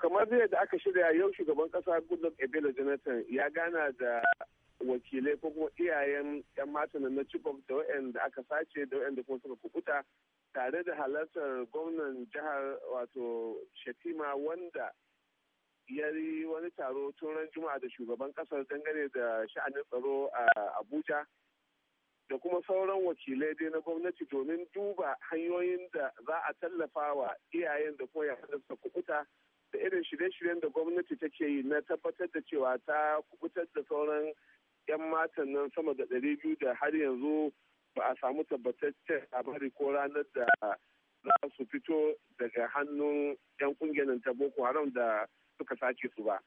kamar da aka shirya yau shugaban kasa goodluck ebele jonathan ya gana da wakilai ko kuma iyayen yan matan na chibok da waɗanda aka sace da waɗanda kuma suka kukuta tare da halartar gwamnan jihar wato shatima wanda ya yi wani taro tun ran juma'a da shugaban kasar dangane da sha'anin tsaro a abuja da kuma sauran wakilai dai na gwamnati domin duba hanyoyin da za a tallafa wa iyayen da koya da suka kukuta da irin shirye-shiryen da gwamnati take yi na tabbatar da cewa ta kubutar da sauran 'yan matan nan sama da ɗari biyu da har yanzu ba a samu tabbataccen labari ko ranar da za su fito daga hannun 'yan kungiyar ta boko haram da suka sace su ba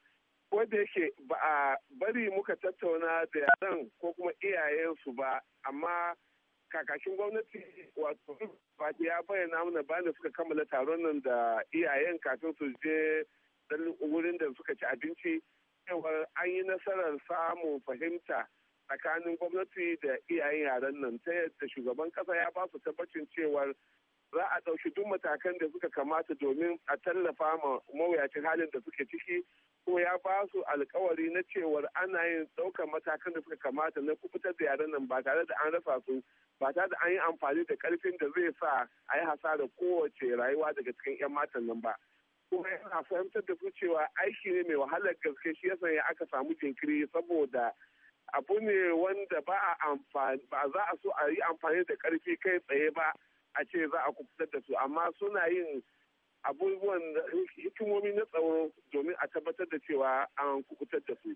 wanda yake ba a bari muka tattauna da yaran ko kuma iyayensu ba amma kakakin gwamnati wato fati ya bayyana mana ba suka kammala taron nan da iyayen kafin su je wurin da suka ci abinci cewa an yi nasarar samun fahimta tsakanin gwamnati da iyayen yaren nan ta yadda shugaban kasa ya ba su tabbacin cewar za a ɗauki duk matakan da suka kamata domin a tallafa ma mawuyacin halin da suke ciki ko ya ba su alkawari na cewar ana yin ɗaukar matakan da suka kamata na kubutar da yaren nan ba tare da an rasa su ba tare da an yi amfani da ƙarfin da zai sa a yi hasarar kowace rayuwa daga cikin 'yan matan nan ba kuma yana fahimtar da su cewa aiki ne mai wahalar gaske shi yasa ya aka samu jinkiri saboda abu ne wanda ba a amfani ba za a so a yi amfani da ƙarfi kai tsaye ba a ce za a kubutar da su amma suna yin abubuwan hikimomi na tsaro domin a tabbatar da cewa an kukutar da su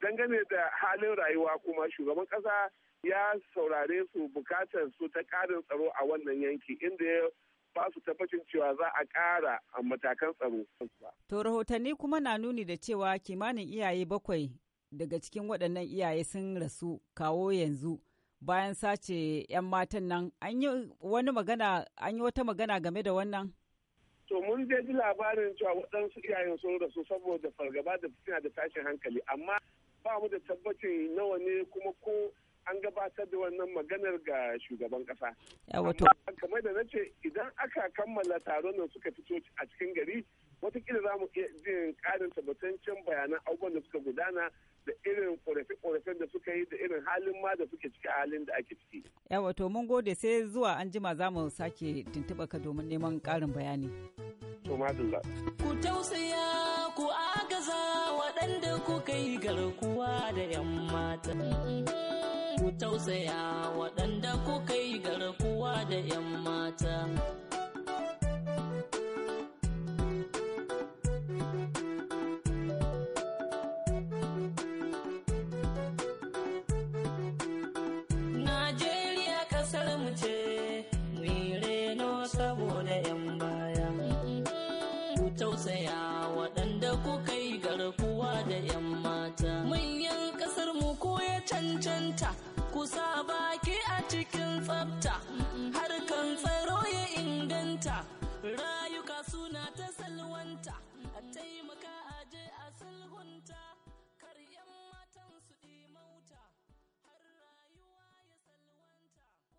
dangane da halin rayuwa kuma shugaban kasa ya saurare su bukatar su ta karin tsaro a wannan yanki inda ya ba su tabbacin cewa za a ƙara matakan tsaro. To rahotanni kuma na nuni da cewa kimanin iyaye bakwai daga cikin waɗannan iyaye sun rasu kawo yanzu bayan sace 'yan matan nan an yi wata magana game da wannan to mun je ji labarin cewa waɗansu iyayen sun rasu saboda fargaba da fitina da tashin hankali amma ba mu da tabbacin nawa ne kuma ko an gabatar da wannan maganar ga shugaban ƙasa Amma kamar da na ce idan aka kammala taron nan suka fito a cikin gari watakila za mu iya jin ƙarin tabbatancen bayanan abubuwan da suka gudana da irin ƙorafe-ƙorafen da suka yi da irin halin ma da suke ciki halin da ake ciki. Yawa to mun gode sai zuwa an jima za mu sake tuntuɓa ka domin neman ƙarin bayani. Ku tausaya ku agaza waɗanda ku kai garkuwa da 'yan mata. Ku tausaya waɗanda ku kai garkuwa da 'yan mata. Yan bayan ku tausaya waɗanda ku kai garkuwa da 'yan mata manyan ƙasar mu ko ya cancanta ku sa baki a cikin tsafta harkan tsaro ya inganta